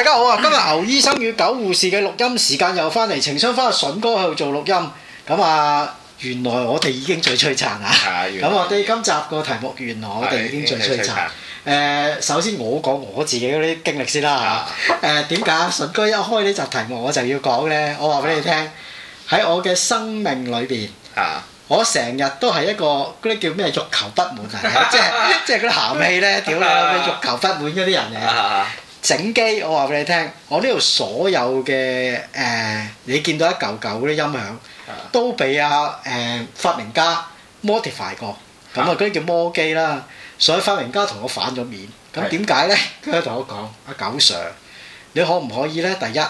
大家好啊！今日牛醫生與狗護士嘅錄音時間又翻嚟，情商翻阿筍哥喺度做錄音。咁啊，原來我哋已經最璀璨啊！咁來我哋今集個題目，原來我哋已經最璀璨。誒，首先我講我自己嗰啲經歷先啦。誒的，點解筍哥一開呢集題目我就要講呢？我話俾你聽，喺的我嘅生命裏邊，的我成日都係一個啲叫咩欲求不滿，即係即係嗰啲鹹氣咧，屌、就是就是、你欲求不滿嗰啲人嚟。的整機，我話俾你聽，我呢度所有嘅誒，你見到一嚿嚿嗰啲音響，都俾阿誒發明家 modify 過，咁啊嗰啲叫磨機啦。所以發明家同我反咗面，咁點解咧？佢喺度同我講，阿狗 sir，你可唔可以咧？第一，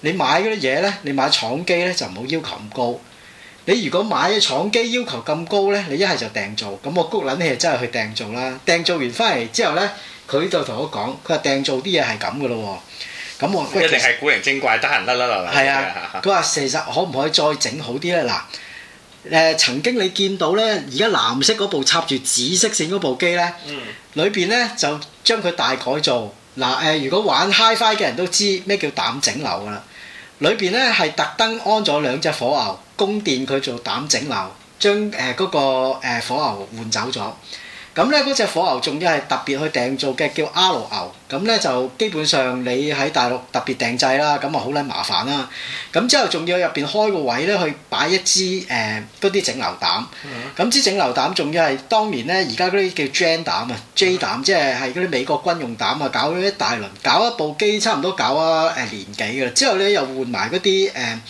你買嗰啲嘢咧，你買廠機咧就唔好要求咁高。你如果買廠機要求咁高咧，你一係就訂造，咁我鳩撚嘢真係去訂造啦。訂造完翻嚟之後咧。佢就同我講，佢話訂做啲嘢係咁嘅咯喎，咁我一定係古靈精怪得閒甩甩啦。係啊，佢話其實可唔可以再整好啲咧？嗱，誒曾經你見到咧，而家藍色嗰部插住紫色線嗰部機咧，裏邊咧就將佢大改造。嗱，誒如果玩 HiFi 嘅人都知咩叫膽整流噶啦，裏邊咧係特登安咗兩隻火牛供電佢做膽整流，將誒嗰個誒火牛換走咗。咁咧嗰隻火牛仲要係特別去訂做嘅，叫 R 牛。咁咧就基本上你喺大陸特別訂製啦，咁啊好撚麻煩啦。咁之後仲要入邊開個位咧，去擺一支誒嗰啲整流膽。咁支整流膽仲要係當年咧，而家嗰啲叫、erm, J 膽啊，J 膽即係係嗰啲美國軍用膽啊，搞咗一大輪，搞一部機差唔多搞啊誒年幾噶啦。之後咧又換埋嗰啲誒。呃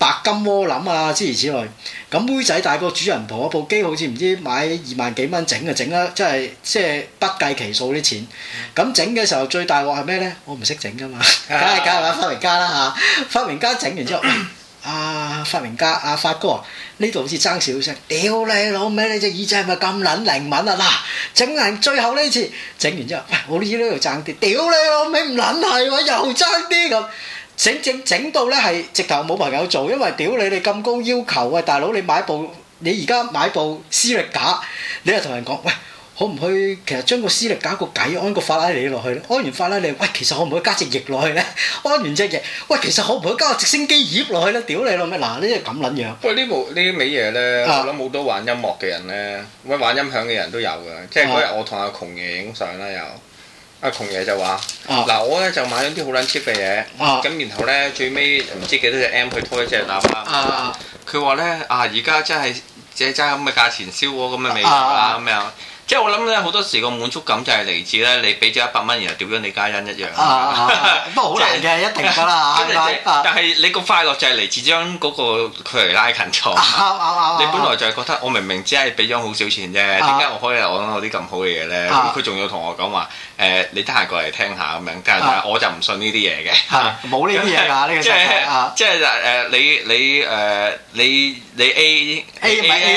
白金鍋諗啊，諸如此類。咁妹仔大個主人婆，部機好似唔知買二萬幾蚊整啊，整啦，真係即係不計其數啲錢。咁整嘅時候最大鑊係咩呢？我唔識整㗎嘛，梗係梗係啦，發明家啦嚇，發明家整完之後，啊發明家啊發哥呢度好似爭少少聲，屌你老味，你隻耳仔係咪咁撚靈敏啊？嗱，整完最後呢次，整完之後，我啲耳都又爭啲，屌你老味唔撚係喎，又爭啲咁。整整整到咧係直頭冇朋友做，因為屌你你咁高要求喂！大佬你買部你而家買部斯力架，你又同人講喂，可唔可以其實將個斯力架個底安個法拉利落去咧？安完法拉利，喂，其實可唔可以加隻翼落去咧？安完隻翼，喂，其實可唔可以加個直升機葉落去咧？屌你咯咩？嗱呢啲咁撚樣。喂，呢部呢啲美嘢咧，我諗好多玩音樂嘅人咧，喂玩音響嘅人都有㗎，即係嗰日我同阿窮爺影相啦又。阿窮爺就話：嗱，我咧就買咗啲好撚 cheap 嘅嘢，咁然後咧最尾唔知幾多隻 M 佢拖一隻蛋包。佢話咧啊，而家真係借齋咁嘅價錢，燒鵝咁嘅味道啊，咁樣。即係我諗咧，好多時個滿足感就係嚟自咧，你俾咗一百蚊然後屌咗李嘉欣一樣。不過好難嘅，一定㗎啦。但係你個快樂就係嚟自將嗰個距離拉近咗。你本來就係覺得我明明只係俾咗好少錢啫，點解我可以攞到啲咁好嘅嘢咧？佢仲要同我講話誒，你得閒過嚟聽下咁樣。但係我就唔信呢啲嘢嘅，冇呢啲嘢㗎。呢個真係即係誒，你你誒你你 A A 咪 A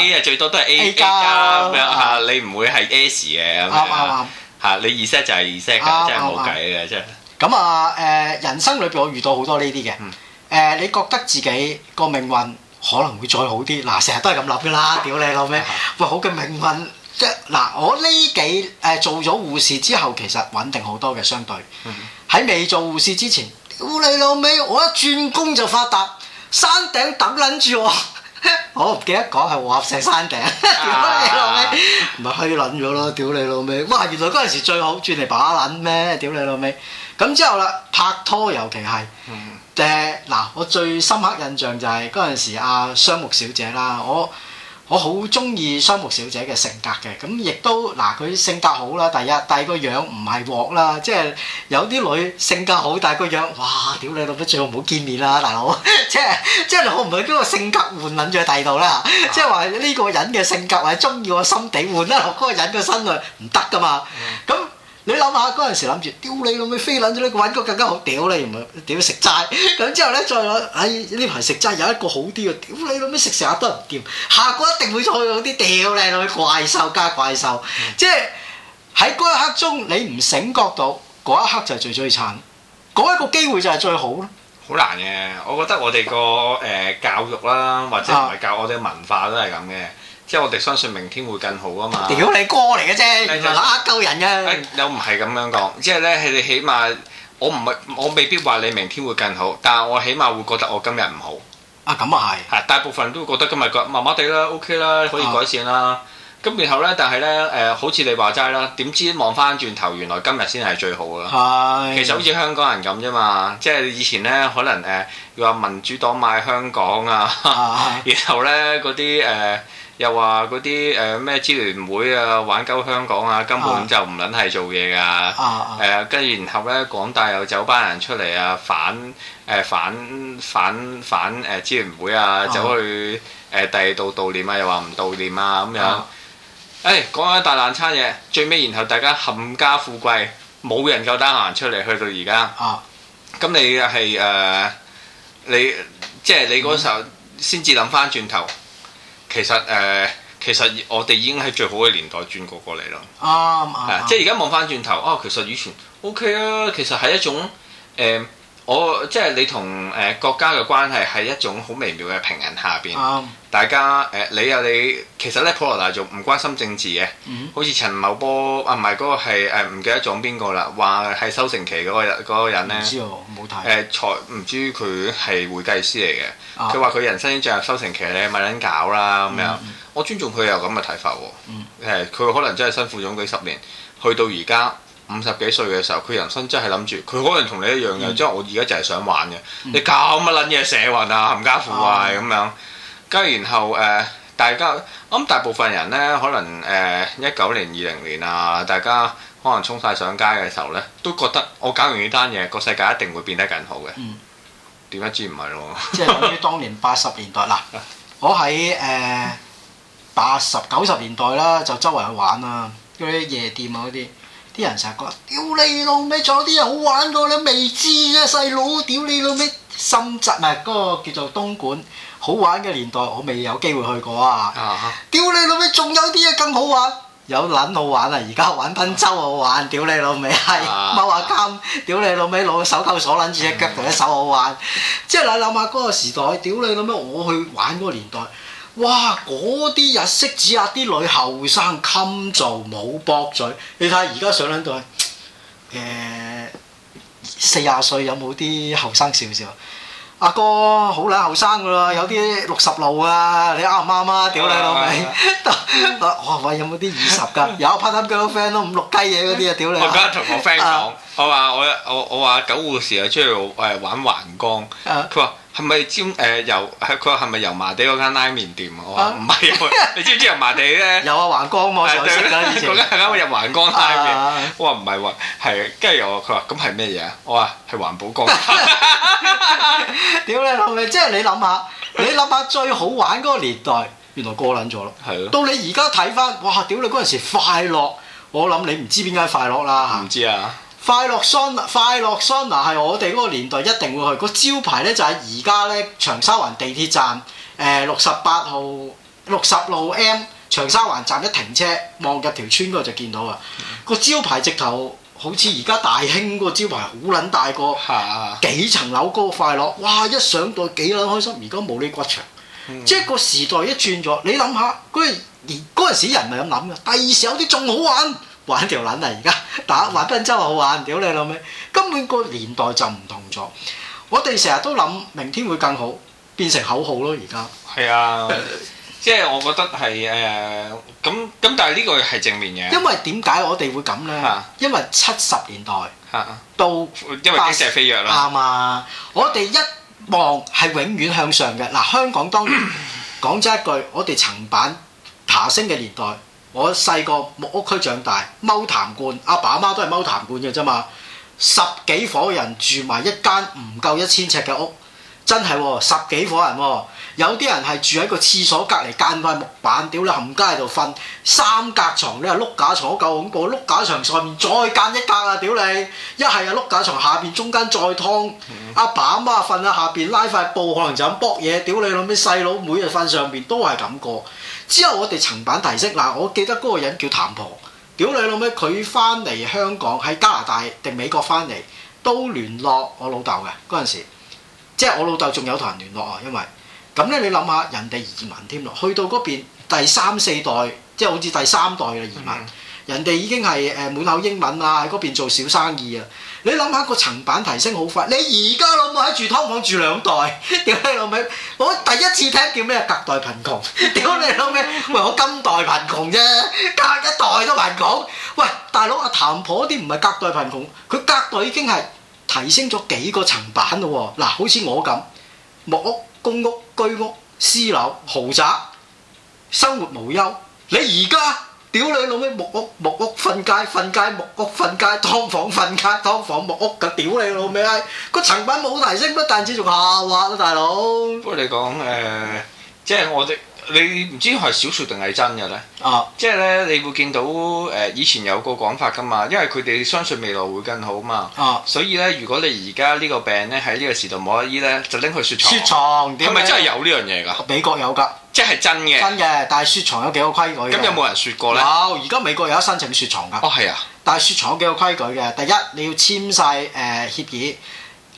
你 A 係最多都係 A 加咁樣嚇。你唔會係 S 嘅咁樣，嚇你意思就係二 s 㗎，真係冇計嘅，即係咁啊誒，人生裏邊我遇到好多呢啲嘅。誒，你覺得自己個命運可能會再好啲？嗱，成日都係咁諗㗎啦，屌你老味！喂，好嘅命運即係嗱，我呢幾誒做咗護士之後，其實穩定好多嘅相對。喺未做護士之前，屌你老味！我一轉工就發達，山頂等撚住我。 我唔記得講係和合石山頂，屌你老味，唔係虛撚咗咯，屌你老味。哇，原來嗰陣時最好轉嚟把撚咩，屌你老味。咁之後啦，拍拖尤其係，即係嗱我最深刻印象就係嗰陣時阿、啊、雙木小姐啦，我。我好中意桑木小姐嘅性格嘅，咁亦都嗱，佢性格好啦，第一，第二個樣唔係惡啦，即係有啲女性格好，但係個樣，哇，屌你老母，最好唔好見面啦，大佬， 即係即係你可唔可以嗰個性格換撚在第二度啦，啊、即係話呢個人嘅性格或者我係中意，我心地換得落嗰個人嘅身去唔得噶嘛，咁、嗯。你諗下嗰陣時諗住，屌你老味飛卵咗咧，搵個更加好屌你，唔係點食齋？咁之後咧再諗，哎呢排食齋有一個好啲嘅，屌你老味食成日都唔掂，下個一定會再有啲屌靚女怪獸加怪獸，即係喺嗰一刻中你唔醒覺到嗰一刻就係最璀璨，嗰一個機會就係最好咯。好難嘅，我覺得我哋個誒教育啦，或者唔係教我哋文化都係咁嘅。即係我哋相信明天會更好啊嘛！屌你哥嚟嘅啫，唔係拉鳩人嘅。又唔係咁樣講，即係咧，你起碼我唔係，我未必話你明天會更好，但係我起碼會覺得我今日唔好。啊，咁啊係。係大部分都會覺得今日個麻麻地啦，OK 啦，可以改善啦。咁然後咧，但係咧，誒，好似你話齋啦，點知望翻轉頭，原來今日先係最好啊！係。其實好似香港人咁啫嘛，即係以前咧，可能要話民主黨賣香港啊，然後咧嗰啲誒。又話嗰啲誒咩支聯會啊，玩鳩香港啊，根本就唔撚係做嘢噶、啊。誒、啊，跟、啊、住、呃、然後咧，港大又走班人出嚟啊，反誒、呃、反反反誒、呃、支聯會啊，啊走去誒、呃、第二度悼念啊，又話唔悼念啊咁樣。誒、啊哎，講緊大難餐嘢，最尾然後大家冚家富貴，冇人夠膽行出嚟，去到而家。咁、啊、你係誒、呃，你即係你嗰時候先至諗返轉頭，其實誒、呃，其實我哋已經喺最好嘅年代轉過過嚟咯。啱啱、啊嗯嗯啊，即係而家望翻轉頭，哦、啊，其實以前 O、OK、K 啊，其實係一種誒。呃嗯我即係你同誒、呃、國家嘅關係係一種好微妙嘅平衡下邊，嗯、大家誒、呃、你有、啊、你，其實咧普羅大眾唔關心政治嘅，嗯、好似陳茂波啊唔係嗰個係唔、啊、記得咗邊個啦，話係收成期嗰、那個那個嗰個嗰個人嗰個咧，唔知冇睇誒財唔知佢係會計師嚟嘅，佢話佢人生進入收成期你咪撚搞啦咁樣，嗯、我尊重佢有咁嘅睇法喎，佢、嗯嗯嗯、可能真係辛苦咗幾十年，去到而家。五十幾歲嘅時候，佢人生真係諗住佢可能同你一樣嘅，即係、嗯、我而家就係想玩嘅。嗯、你搞乜撚嘢，社運啊，冚家富貴咁樣，跟住然後誒、呃，大家我諗大部分人呢，可能誒一九年、二零年啊，大家可能衝晒上街嘅時候呢，都覺得我搞完呢單嘢，個世界一定會變得更好嘅。點解、嗯、知唔係咯？即係、嗯、 等於當年八十年代嗱，啊、 我喺誒八十九十年代啦，就周圍去玩啦，嗰啲夜店啊嗰啲。啲人成日講，屌你老味，仲有啲嘢好玩過你未知啫，細佬，屌你老味，深圳啊，係嗰、嗰個叫做東莞好玩嘅年代，我未有機會去過啊！屌你老味，仲、huh. 有啲嘢更好玩。有撚好玩啊！而家玩春秋好玩，屌你老味，係踎下監，屌你老味，攞個手扣鎖撚住隻腳同隻手好玩。嗯、即係你諗下嗰個時代，屌你老味，我去玩嗰個年代，哇！嗰啲日式仔啊，啲女後生襟做冇駁嘴。你睇下而家上兩代誒四廿歲，有冇啲後生少少？阿哥好撚後生噶啦，有啲六十路啊！你啱唔啱啊？屌你老味！得哇喂，有冇啲二十噶？ 有 part time girlfriend 都五六雞嘢嗰啲啊！屌你！我而家同我 friend 講，我話我我我話九護士啊，出去誒玩橫江，佢話。係咪尖誒油？佢話係咪油麻地嗰間拉麵店？我話唔係，你知唔知油麻地咧？有啊，橫江喎，熟悉啦，以前嗰間啱啱入橫江拉麵。我話唔係橫，係跟住我佢話咁係咩嘢？我話係環保江。屌你老味！即係你諗下，你諗下最好玩嗰個年代，原來過撚咗咯。係咯。到你而家睇翻，哇！屌你嗰陣時快樂，我諗你唔知邊間快樂啦。唔知啊。快樂桑拿快樂桑拿，係我哋嗰個年代一定會去。個招牌咧，就係而家咧長沙灣地鐵站，誒六十八號六十路 M 長沙灣站一停車望入條村嗰度就見到啊，個招牌直頭好似而家大興個招牌好撚大個，幾層樓高快樂，哇一上到幾撚開心，而家冇呢骨場。嗯、即係個時代一轉咗，你諗下嗰陣時人唔係咁諗嘅，第二時有啲仲好玩。玩條撚啊！而家打玩賓州好玩，屌你老味！根本個年代就唔同咗。我哋成日都諗明天會更好，變成口號咯。而家係啊，即係我覺得係誒咁咁，但係呢個係正面嘅。因為點解我哋會咁呢？因為七十年代到因為經濟飛躍啦。啱啊！我哋一望係永遠向上嘅嗱。香港當講咗一句，我哋層板爬升嘅年代。我細個木屋區長大，踎痰罐，阿爸阿媽，媽都係踎痰罐嘅啫嘛。十幾伙人住埋一間唔夠一千尺嘅屋，真係喎、哦，十幾伙人喎、哦。有啲人係住喺個廁所隔離間塊木板，屌你冚街喺度瞓。三格床你係碌架床都夠咁過，碌架床上面再間一格啊，屌你！一係啊碌架床下面，下邊中間再劏，阿爸阿媽瞓喺下邊拉塊布，可能就咁搏嘢，屌你諗啲細佬每日瞓上邊都係咁過。之後我哋層板提升嗱，我記得嗰個人叫譚婆，屌你老味，佢翻嚟香港喺加拿大定美國翻嚟都聯絡我老豆嘅嗰陣時，即係我老豆仲有同人聯絡啊，因為咁呢。你諗下人哋移民添咯，去到嗰邊第三四代即係好似第三代嘅移民，嗯嗯，人哋已經係誒滿口英文啊，喺嗰邊做小生意啊。你諗下個層板提升好快，你而家老母喺住劏房住兩代，屌你老味！我第一次聽叫咩隔代貧窮，屌你老味！喂，我今代貧窮啫，隔一代都貧窮。喂，大佬阿譚婆啲唔係隔代貧窮，佢隔代已經係提升咗幾個層板咯喎！嗱、啊，好似我咁，木屋、公屋、居屋、私樓、豪宅，生活無憂。你而家？屌你老味，木屋木屋，瞓街瞓街，木屋瞓街，劏房瞓街，劏房木屋噶，屌你老味！個層板冇提升乜，不但止仲下滑啦，大佬。不過你講誒，即、呃、係 我哋。你唔知係小說定係真嘅咧？啊！即係咧，你會見到誒以前有個講法噶嘛？因為佢哋相信未來會更好嘛。啊！所以咧，如果你而家呢個病咧喺呢個時代冇得醫咧，就拎去雪藏。雪藏點啊？係咪真係有呢樣嘢㗎？美國有㗎，即係真嘅。真嘅，但係雪藏有幾個規矩。咁有冇人雪過咧？有，而家美國有得申請雪藏㗎。哦，係啊。但係雪藏有幾個規矩嘅，第一你要簽晒誒協議。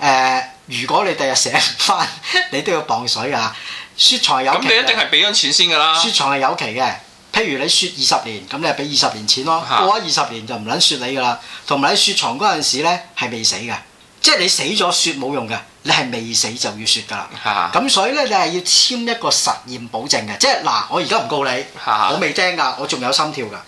誒，如果你第日醒唔翻，你都要磅水㗎。雪藏有，咁你一定係俾咗錢先噶啦，雪藏係有期嘅，譬如你雪二十年，咁你係俾二十年錢咯，的過咗二十年就唔捻雪你噶啦，同埋你雪藏嗰陣時咧係未死嘅，即係你死咗雪冇用嘅，你係未死就要雪噶啦，咁的所以咧你係要簽一個實驗保證嘅，即係嗱我而家唔告你，的我未驚噶，我仲有心跳噶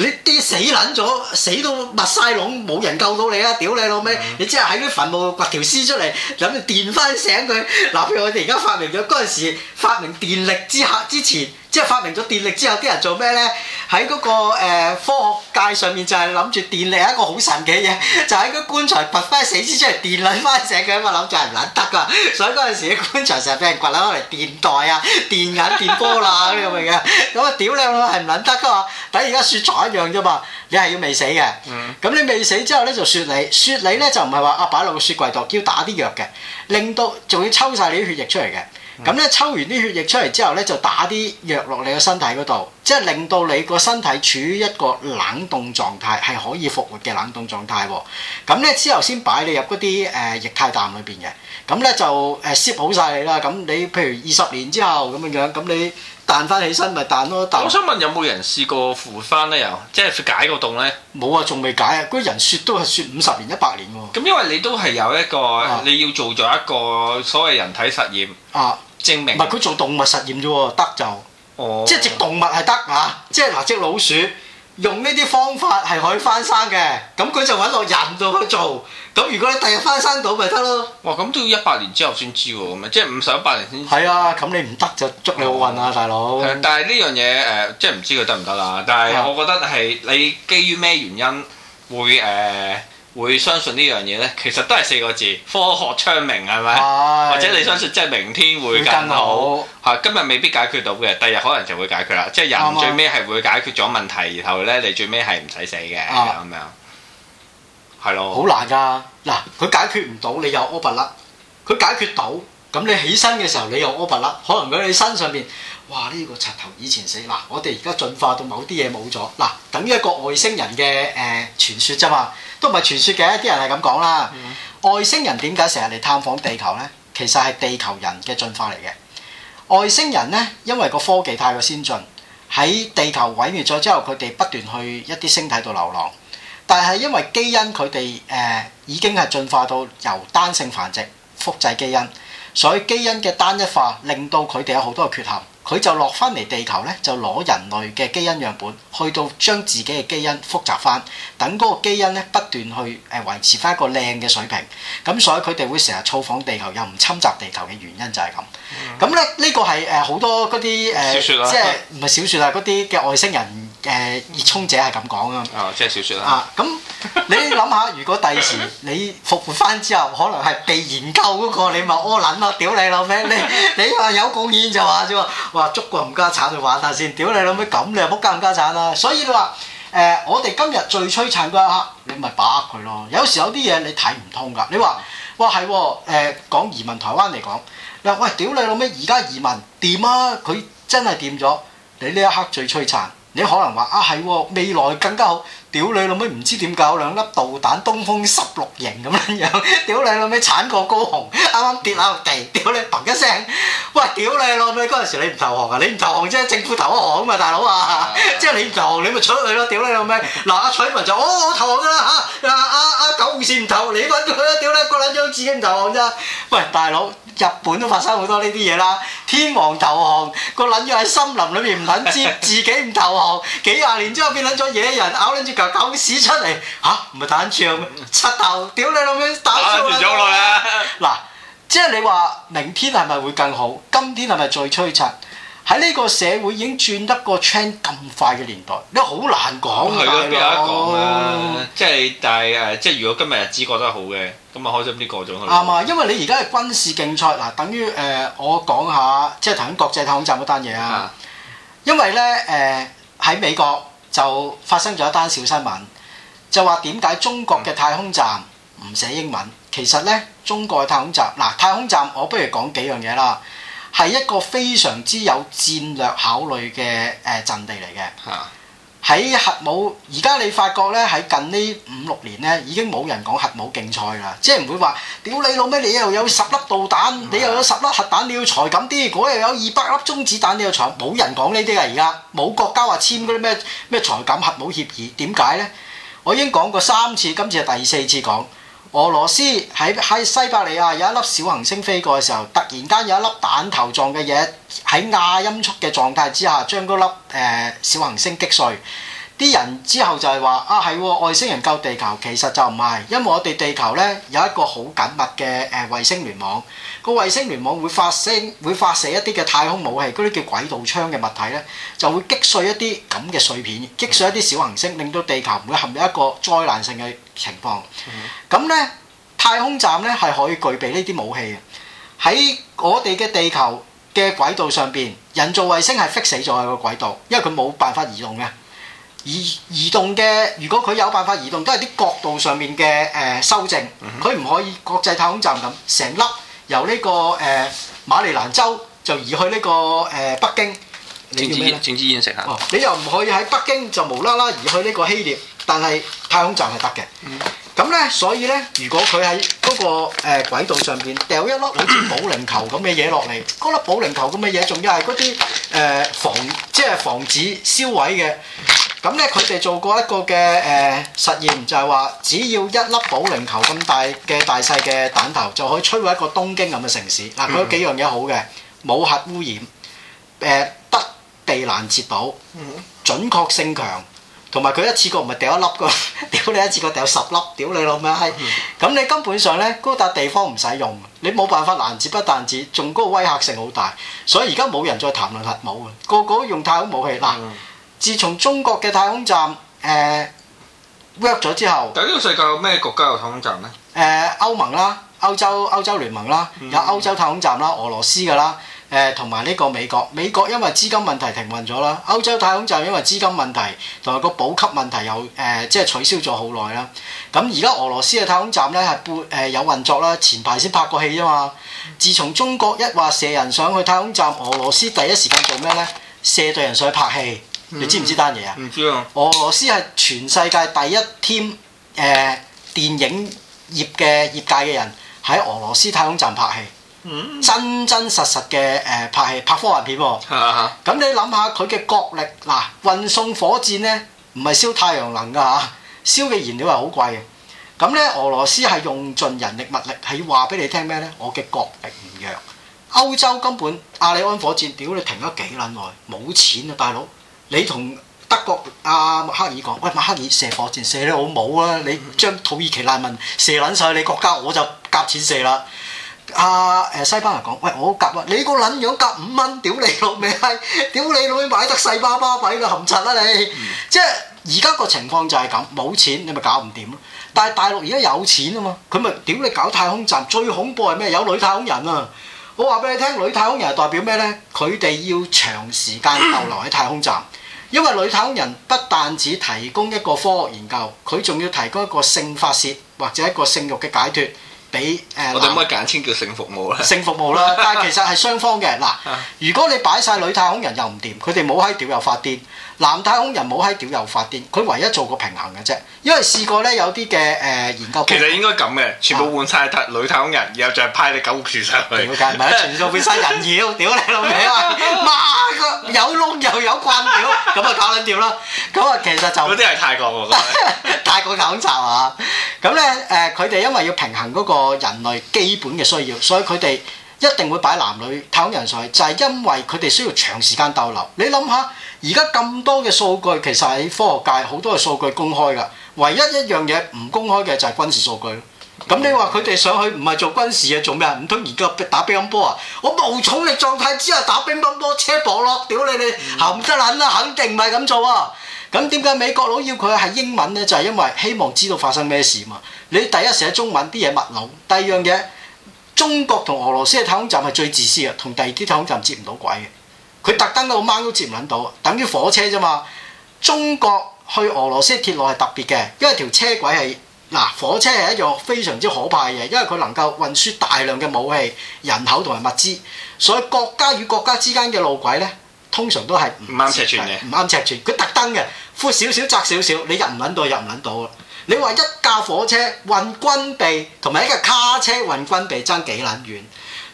你啲死撚咗，死到密晒籠，冇人救到你啊！屌你老味， 你即係喺啲墳墓掘條屍出嚟，諗住電翻醒佢。嗱，譬如我哋而家發明咗嗰陣時，發明電力之客之前。即係發明咗電力之後，啲人做咩咧？喺嗰、那個、呃、科學界上面就係諗住電力係一個好神奇嘅嘢，就喺、是、個棺材拔翻死屍出嚟電你翻醒嘅，咁啊諗住係唔撚得噶。所以嗰陣時棺材成日俾人掘甩開嚟電袋啊、電眼、電波啦咁 樣嘅。咁啊屌你老母係唔撚得噶！等而家雪藏一樣啫嘛，你係要未死嘅。咁、嗯、你未死之後咧就雪你，雪你咧就唔係話啊擺落個雪櫃度，要打啲藥嘅，令到仲要抽晒你啲血液出嚟嘅。咁咧、嗯、抽完啲血液出嚟之後咧，就打啲藥落你個身體嗰度，即係令到你個身體處於一個冷凍狀態，係可以復活嘅冷凍狀態。咁咧之後先擺你入嗰啲誒液態氮裏邊嘅。咁咧就誒 ship 好晒你啦。咁你譬如二十年之後咁樣樣，咁你彈翻起身咪彈咯。我想問有冇人試過復活翻咧？又即係解個凍咧？冇啊，仲未解啊！嗰啲人雪都係雪五十年、一百年喎。咁因為你都係有一個你要做咗一個所謂人體實驗。啊。啊證明，唔係佢做動物實驗啫喎，得就，oh. 即係只動物係得嚇，即係嗱隻老鼠用呢啲方法係可以翻生嘅，咁佢就揾個人度去做，咁如果你第日翻生到咪得咯？哇，咁都要一百年之後先知喎，咁啊，即係五十一百年先知。係啊，咁你唔得就祝你好運啊，oh. 大佬。但係呢樣嘢誒，即係唔知佢得唔得啦，但係我覺得係你基於咩原因會誒？呃會相信呢樣嘢咧，其實都係四個字，科學昌明，係咪？或者你相信即係明天會更好吓，今日未必解決到嘅，第日可能就會解決啦。即係人最尾係會解決咗問題，然後咧你最尾係唔使死嘅咁樣，係咯。好難噶嗱，佢解決唔到你又屙白粒，佢解決到咁你起身嘅時候你又屙白粒，可能佢喺你身上邊，哇呢個柒頭以前死嗱，我哋而家進化到某啲嘢冇咗嗱，等於一個外星人嘅誒傳說咋嘛。都唔係傳説嘅，一啲人係咁講啦。嗯、外星人點解成日嚟探訪地球呢？其實係地球人嘅進化嚟嘅。外星人呢，因為個科技太過先進，喺地球毀滅咗之後，佢哋不斷去一啲星體度流浪。但係因為基因佢哋誒已經係進化到由單性繁殖複製基因，所以基因嘅單一化令到佢哋有好多嘅缺陷。佢就落翻嚟地球咧，就攞人類嘅基因樣本，去到將自己嘅基因複雜翻，等嗰個基因咧不斷去誒維持翻一個靚嘅水平。咁所以佢哋會成日造訪地球，又唔侵襲地球嘅原因就係咁。咁咧、mm hmm. 呢、呢個係誒好多嗰啲誒，小說啦，即係唔係小說啊嗰啲嘅外星人。誒熱衷者係咁講啊！啊，即係小説啊，咁你諗下，如果第時你復活翻之後，可能係被研究嗰個，你咪屙撚咯？屌你老味，你你話有貢獻就話啫喎，話捉個冚家產就玩下先，屌你老味，咁你又冚家冚家產啦。所以你話誒，我哋今日最璀璨嗰一刻，你咪把握佢咯。有時有啲嘢你睇唔通㗎。你話哇係誒、呃、講移民台灣嚟講，你話屌你老味而家移民掂啊？佢真係掂咗，你呢一刻最璀璨。你可能話啊，係未來更加好。屌你老味唔知點解，兩粒導彈東風十六型咁樣樣，屌你老味鏟過高雄，啱啱跌咗落地，屌你砰一聲，喂屌你老味嗰陣時你唔投降啊？你唔投降啫，政府投降啊嘛，大佬啊，即係你唔投降你咪出去咯，屌你老味，嗱阿彩雲就哦我投降啦嚇，嗱阿阿九線唔投，你揾佢啦，屌你個撚樣自己唔投降咋？喂大佬，日本都發生好多呢啲嘢啦，天皇投降，個撚樣喺森林裏面唔撚知自己唔投降，幾廿年之後變撚咗野人咬撚住。嚿狗屎出嚟吓，唔係打緊仗咩？柒頭，屌你老味，打住啦！打緊戰爭嚟啊！嗱，即係你話明天係咪會更好？今天係咪再璀璨？喺呢個社會已經轉得個趨向咁快嘅年代，你好難講㗎啦。即係，但係誒，即係如果今日日子覺得好嘅，咁咪開心啲過咗去。啊因為你而家嘅軍事競賽嗱，等於誒、呃，我講下即係等國際太空站嗰單嘢啊。嗯、因為咧誒，喺、呃呃、美國。就發生咗一單小新聞，就話點解中國嘅太空站唔寫英文？其實呢，中國嘅太空站，嗱，太空站我不如講幾樣嘢啦，係一個非常之有戰略考慮嘅誒、呃、陣地嚟嘅。喺核武，而家你發覺咧，喺近呢五六年咧，已經冇人講核武競賽啦，即係唔會話，屌你老咩！你又有十粒導彈，你又有十粒核彈，你要裁減啲，我又有二百粒中子彈，你要裁，冇人講呢啲啊！而家冇國家話簽嗰啲咩咩裁減核武協議，點解咧？我已經講過三次，今次係第四次講。俄羅斯喺喺西伯利亞有一粒小行星飛過嘅時候，突然間有一粒彈頭狀嘅嘢喺亞音速嘅狀態之下，將嗰粒誒小行星擊碎。啲人之後就係話啊，係外星人救地球，其實就唔係，因為我哋地球呢有一個好緊密嘅誒衛星聯網，個衛星聯網會發聲，會發射一啲嘅太空武器，嗰啲叫軌道槍嘅物體呢就會擊碎一啲咁嘅碎片，擊碎一啲小行星，令到地球唔會陷入一個災難性嘅。情況咁咧，太空站咧係可以具備呢啲武器嘅。喺我哋嘅地球嘅軌道上邊，人造衛星係 fix 死咗喺個軌道，因為佢冇辦法移動嘅移移動嘅。如果佢有辦法移動，都係啲角度上面嘅誒、呃、修正，佢唔、嗯、哼可以國際太空站咁成粒由呢、這個誒、呃、馬里蘭州就移去呢、這個誒、呃、北京。政治現政治現實，你又唔可以喺北京就無啦啦移去呢個希臘，但係太空站係得嘅。咁咧，所以咧，如果佢喺嗰個誒軌道上邊掉一粒好似保齡球咁嘅嘢落嚟，嗰、那、粒、個、保齡球咁嘅嘢，仲要係嗰啲誒防即係防止燒毀嘅。咁咧，佢哋做過一個嘅誒、呃、實驗，就係、是、話只要一粒保齡球咁大嘅大細嘅彈頭，就可以摧毀一個東京咁嘅城市。嗱、啊，嗰幾樣嘢好嘅，冇核污染，誒、呃。地攔截到，準確性強，同埋佢一次過唔係掉一粒嘅，屌你一次過掉十粒，屌你老母閪！咁、嗯、你根本上咧嗰笪地方唔使用,用，你冇辦法攔截不但止，仲嗰個威嚇性好大，所以而家冇人再談論核武嘅，個,個都用太空武器。嗱、嗯，自從中國嘅太空站誒 work 咗之後，但呢個世界有咩國家有太空站咧？誒、呃，歐盟啦，歐洲歐洲聯盟啦，有歐洲太空站啦，俄羅斯嘅啦。誒同埋呢個美國，美國因為資金問題停運咗啦。歐洲太空站因為資金問題同埋個補給問題有誒、呃，即係取消咗好耐啦。咁而家俄羅斯嘅太空站呢，係半誒有運作啦，前排先拍過戲啫嘛。自從中國一話射人上去太空站，俄羅斯第一時間做咩呢？射隊人上去拍戲，嗯、你知唔知單嘢啊？唔知啊。俄羅斯係全世界第一 team 誒、呃、電影業嘅業界嘅人喺俄羅斯太空站拍戲。真真實實嘅誒拍戲拍科幻片喎，咁、啊、你諗下佢嘅國力嗱，運送火箭呢唔係燒太陽能㗎嚇，燒嘅燃料係好貴嘅。咁呢，俄羅斯係用盡人力物力，係話俾你聽咩呢？我嘅國力唔弱，歐洲根本阿里安火箭屌你停咗幾撚耐？冇錢啊大佬！你同德國阿默、啊、克爾講，喂，默克爾射火箭射你好冇啊！你將土耳其難民射撚晒你國家，我就夾錢射啦。阿誒、啊、西班牙講：喂，我夾啊！你個撚樣夾五蚊，屌你老味閪！屌你女味買得細巴巴鬼啦，含嚓啦、啊、你！嗯、即係而家個情況就係咁，冇錢你咪搞唔掂咯。但係大陸而家有錢啊嘛，佢咪屌你搞太空站。最恐怖係咩？有女太空人啊！我話俾你聽，女太空人係代表咩呢？佢哋要長時間逗留喺太空站，因為女太空人不但只提供一個科學研究，佢仲要提供一個性發洩或者一個性慾嘅解脫。俾誒，呃、我哋可唔可以簡稱叫性服務咧？性服務啦，但係其實係雙方嘅。嗱，如果你擺晒女太空人又唔掂，佢哋冇喺屌又發癲；男太空人冇喺屌又發癲。佢唯一做個平衡嘅啫，因為試過咧有啲嘅誒研究。其實應該咁嘅，全部換晒、啊、女太空人，然後就派你九屋樹上去，唔係全部變晒人妖，屌你老味啊！有窿又有棍，咁啊搞撚掂啦！咁啊，其實就嗰啲係泰國喎，泰國考古啊！咁咧誒，佢哋因為要平衡嗰個人類基本嘅需要，所以佢哋一定會擺男女太空人上去，就係因為佢哋需要長時間逗留。你諗下，而家咁多嘅數據，其實喺科學界好多嘅數據公開噶，唯一一樣嘢唔公開嘅就係軍事數據。咁你話佢哋上去唔係做軍事啊？做咩啊？唔通而家打乒乓波啊？我無重力狀態之下打乒乓波車磅落屌你你行唔得撚啦！肯定唔係咁做啊！咁點解美國佬要佢係英文呢？就係因為希望知道發生咩事嘛。你第一寫中文啲嘢密攏，第二樣嘢中國同俄羅斯嘅太空站係最自私啊，同第二啲太空站接唔到鬼嘅。佢特登個貓都接唔撚到，等於火車啫嘛。中國去俄羅斯鐵路係特別嘅，因為條車軌係。嗱、啊，火車係一樣非常之可怕嘅嘢，因為佢能夠運輸大量嘅武器、人口同埋物資，所以國家與國家之間嘅路軌咧，通常都係唔啱尺寸嘅。唔啱尺寸，佢特登嘅闊少少窄少少，你入唔撚到入唔撚到嘅。你話一架火車運軍備同埋一架卡車運軍備爭幾撚遠？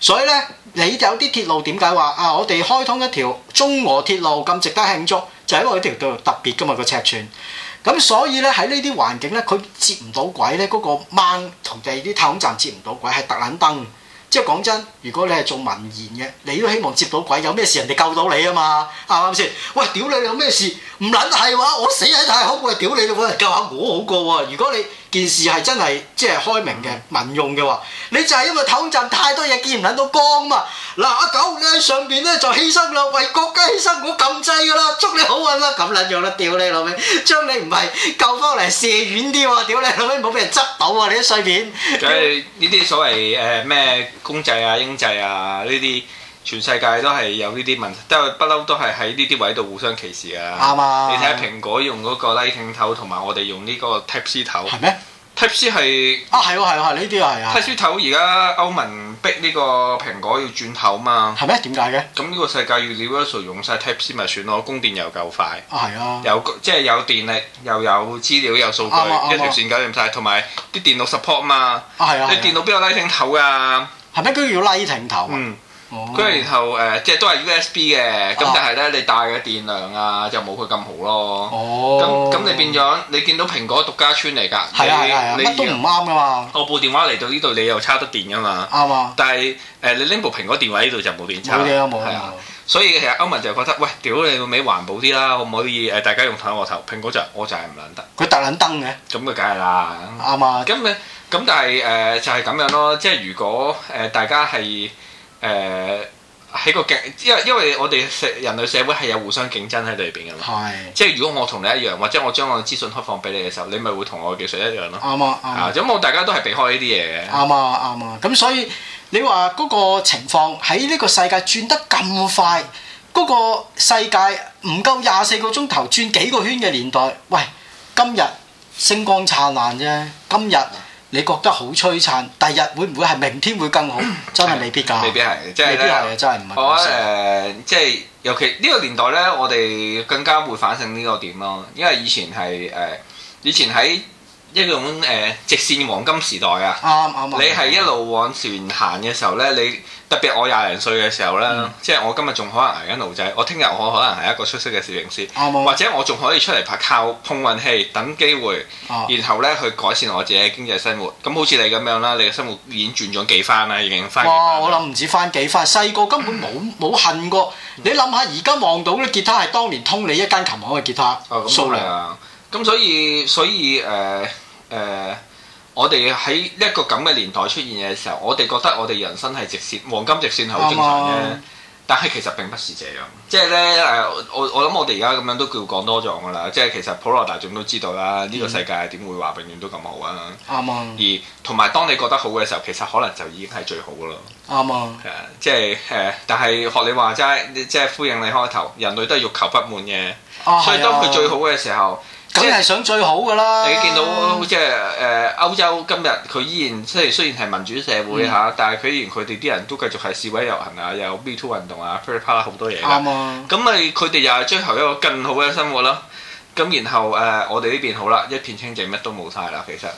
所以咧，你有啲鐵路點解話啊？我哋開通一條中俄鐵路咁值得慶祝，就係、是、因為呢條道特別㗎嘛個尺寸。咁所以呢，喺呢啲環境呢，佢接唔到鬼呢嗰、嗰個掹同第二啲太空站接唔到鬼，係特撚燈。即係講真，如果你係做文言嘅，你都希望接到鬼，有咩事人哋救到你啊嘛，係啱先？喂，屌你有咩事？唔撚係話我死喺太空，我屌你喂，救下我好過喎。如果你件事係真係即係開明嘅民用嘅話，你就係因為唞陣太多嘢見唔到光啊嘛！嗱、啊，阿九咧上邊咧就犧牲啦，為國家犧牲，我撳掣噶啦，祝你好運啦，咁撚樣啦，屌你老味，將你唔係救翻嚟射遠啲喎，屌你老味，唔好俾人執到啊！你啲碎片，係呢啲所謂誒咩、呃、公制啊、英制啊呢啲。全世界都係有呢啲問題，都係不嬲都係喺呢啲位度互相歧視啊！啱你睇下蘋果用嗰個 Lighting 頭，同埋我哋用呢個 Type C 頭，係咩？Type C 係啊，係喎係呢啲啊係啊！Type C 頭而家歐盟逼呢個蘋果要轉頭嘛？係咩？點解嘅？咁呢個世界要 universal 用晒 Type C 咪算咯？供電又夠快啊！係啊！又即係有電力，又有資料，有數據，一條線搞掂晒，同埋啲電腦 support 嘛？啊係啊！你電腦邊有 Lighting 頭啊？係咩？都要 Lighting 頭啊！跟住然後誒，即係都係 USB 嘅，咁但係咧，你帶嘅電量啊，就冇佢咁好咯。哦，咁咁你變咗，你見到蘋果獨家村嚟㗎，係啊係啊，係啊，乜都唔啱㗎嘛。我部電話嚟到呢度，你又叉得電㗎嘛？啱啊。但係誒，你拎部蘋果電話呢度就冇電叉，冇啊係啊，所以其實歐文就覺得，喂，屌你個尾環保啲啦，可唔可以誒？大家用台鵝頭，蘋果就我就係唔撚得。佢突撚燈嘅。咁佢梗係啦。啱啊。咁咁但係誒，就係咁樣咯。即係如果誒，大家係。誒喺個競，因為因為我哋人類社會係有互相競爭喺裏邊噶嘛，是即係如果我同你一樣，或者我將我嘅資訊開放俾你嘅時候，你咪會同我嘅技術一樣咯。啱啊，咁、啊、我、啊啊、大家都係避開呢啲嘢嘅。啱啊，啱啊，咁、啊啊、所以你話嗰個情況喺呢個世界轉得咁快，嗰、嗰個世界唔夠廿四個鐘頭轉幾個圈嘅年代，喂，今日星光燦爛啫，今日。你覺得好璀璨，第日會唔會係明天會更好？嗯、真係未必㗎，即是未必係，未必係，我真係唔係咁。我覺得誒、呃呃，即係尤其呢個年代咧，我哋更加會反省呢個點咯。因為以前係誒、呃，以前喺。呃一種誒直線黃金時代啊！啱啱對，你係一路往前行嘅時候咧，你特別我廿零歲嘅時候咧，嗯、即係我今日仲可能捱緊奴仔，我聽日我可能係一個出色嘅攝影師，對哦、或者我仲可以出嚟拍靠碰運氣等機會，然後咧去改善我自己嘅經濟生活。咁、啊、好似你咁樣啦，你嘅生活已經轉咗幾番啦，已經翻。哇！我諗唔止翻幾番，細個根本冇冇、嗯、恨過。你諗下，而家望到啲吉他係當年通你一間琴行嘅吉他數量，咁、哦嗯、所、所以所以誒。誒，uh, 我哋喺呢一個咁嘅年代出現嘅時候，我哋覺得我哋人生係直線，黃金直線係好正常嘅，Yeah. 但係其實並不是這樣。即係咧誒，我我諗我哋而家咁樣都叫講多咗㗎啦。即係，其實普羅大眾都知道啦，呢 Yeah. 個世界點會話永遠都咁好啊？啱啊 Yeah.。而同埋當你覺得好嘅時候，其實可能就已經係最好㗎啦。啱啊 Yeah.、uh, 就是。係、uh, 啊，即係誒，但係學你話齋，即係呼應你開頭，人類都係欲求不滿嘅，oh, 所以當佢最好嘅時候。咁係想最好噶啦， 你見到即係誒、呃、歐洲今日佢依然即係雖然係民主社會嚇，嗯、但係佢依然佢哋啲人都繼續係示威遊行啊，又有 B two 運動啊 Pretty Power 好多嘢。啱咁咪佢哋又係追求一個更好嘅生活咯。咁然後誒、呃，我哋呢邊好啦，一片清靜，乜都冇晒啦，其實。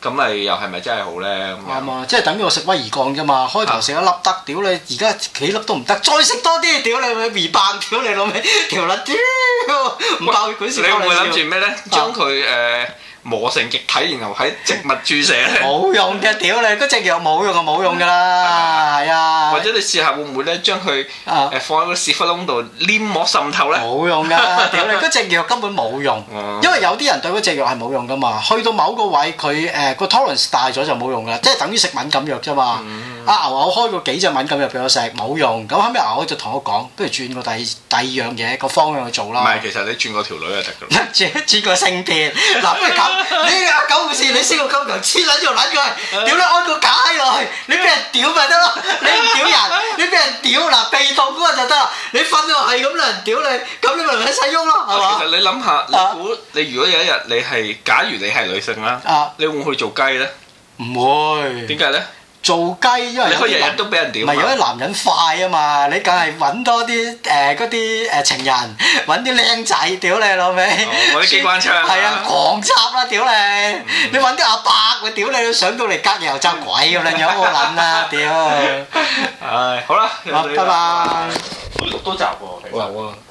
咁咪又係咪真係好咧？啱啊！即係等於我食威而鋼啫嘛。開頭食一粒得，屌你！而家幾粒都唔得，再食多啲，屌你咪變笨，屌你老味條甩豬，唔爆佢。你會唔會諗住咩咧？將佢誒，磨成液體，然後喺植物注射冇用嘅。屌 你嗰隻藥冇用就冇用㗎啦，係 啊。啊或者你試下會唔會咧將佢誒放喺個屎忽窿度黏膜滲透咧？冇用㗎，屌你嗰隻藥根本冇用， 因為有啲人對嗰隻藥係冇用㗎嘛。去到某個位佢誒個 tolerance 大咗就冇用㗎，即係等於食敏感藥啫嘛。啊，牛牛開過幾隻蚊咁就俾我食，冇用，咁後尾，牛牛就同我講，不如轉個第第二樣嘢個方向去做啦。唔係，其實你轉個條女就得噶啦，轉轉個性別。嗱，不如咁，你阿九護士，你先個金牛黐卵做卵句，屌你安個假落去，你俾人屌咪得咯？你唔屌人，你俾人屌。嗱，被動嗰個就得啦。你瞓到係咁你人屌你，咁你咪唔使喐咯，係嘛？其實你諗下，你估你如果有一日你係，假如你係女性啦，你會唔會去做雞咧？唔會。點解咧？做雞，因為你可以日日都俾人屌嘛。唔係有啲男人快啊嘛，你梗係揾多啲誒嗰啲誒情人，揾啲靚仔屌你老味，開機關槍係啊，狂插啦屌你！你揾啲阿伯，我屌你都上到嚟隔夜又炸鬼咁樣樣，有冇諗啊屌！係好啦，拜拜。仲要錄多集喎，係啊喎。